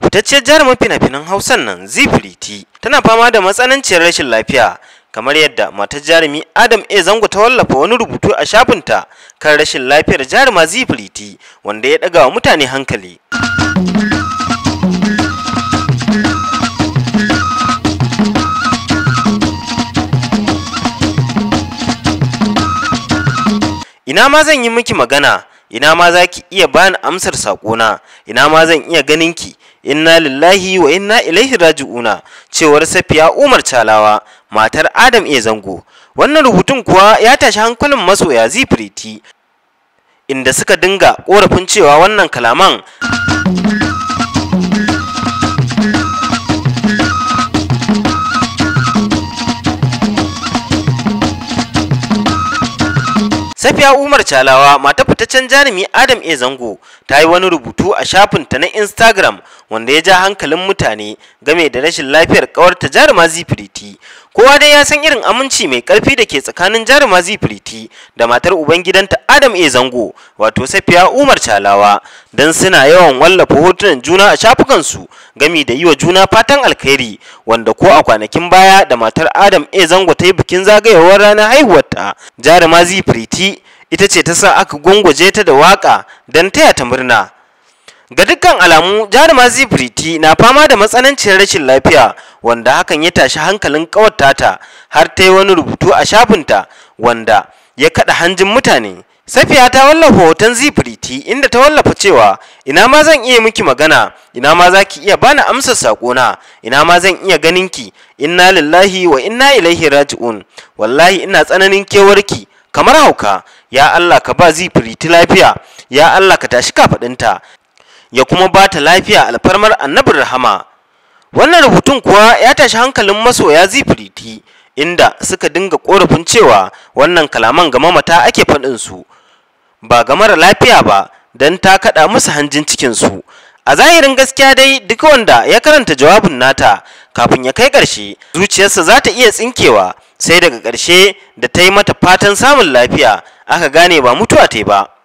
fitacciyar jarumin fina-finan hausan nan zifiriti tana fama da matsananciyar rashin lafiya kamar yadda matar jarumi adam a zango ta wallafa wani rubutu a shafinta kan rashin lafiyar jaruma zifiriti wanda ya ɗaga wa mutane hankali ina ma zan yi miki magana ina ma za ki iya bani amsar saƙona ina ma zan iya ganin ki inna lillahi wa inna ilaihi raji'una cewar safiya umar calawa matar adam iya zango wannan rubutun kuwa ya tashi hankulin masoya zifiriti inda suka dinga ƙorafin cewa wannan kalaman Safiya Umar Chalawa matar fitaccen jarumi Adam A Zango ta yi wani rubutu a shafinta na Instagram wanda ya ja hankalin mutane game da rashin lafiyar kawar ta jaruma zifiriti kowa dai ya san irin aminci mai karfi da ke tsakanin jaruma zifiriti da matar ubangidanta adam a zango wato safiya umar calawa don suna yawan wallafa hotunan juna a shafukansu gami da yi wa juna fatan alkhairi wanda ko a kwanakin baya da matar adam a zango ta yi bikin zagayowar ranar haihuwarta jaruma zifiriti ita ce ta sa aka gungwaje ta da waka don taya ta murna ga dukkan alamu jarumar zifiriti na fama da matsananciyar rashin lafiya wanda hakan ya tashi hankalin kawar tata har ta yi wani rubutu a shafinta wanda ya kada hanjin mutane safiya ta wallafa hoton zifiriti inda ta wallafa cewa ina ma zan iya miki magana ina ma za ki iya bani amsa sakona ina ma zan iya ganinki inna lillahi wa inna ilaihi raji'un wallahi ina tsananin kewarki kamar hauka ya Allah ka ba zifiriti lafiya ya Allah ka tashi kafaɗinta ya kuma ba ta lafiya alfarmar annabin rahama wannan rubutun kuwa ya tashi hankalin masoya zifiriti inda suka dinga korafin cewa wannan kalaman ga mamata ake faɗinsu, ba ga mara lafiya ba don ta kaɗa musu hanjin cikinsu a zahirin gaskiya dai duk wanda ya karanta jawabin nata kafin ya kai ƙarshe zuciyarsa za ta iya tsinkewa sai daga ƙarshe da ta yi mata fatan samun lafiya aka gane ba mutuwa ta ba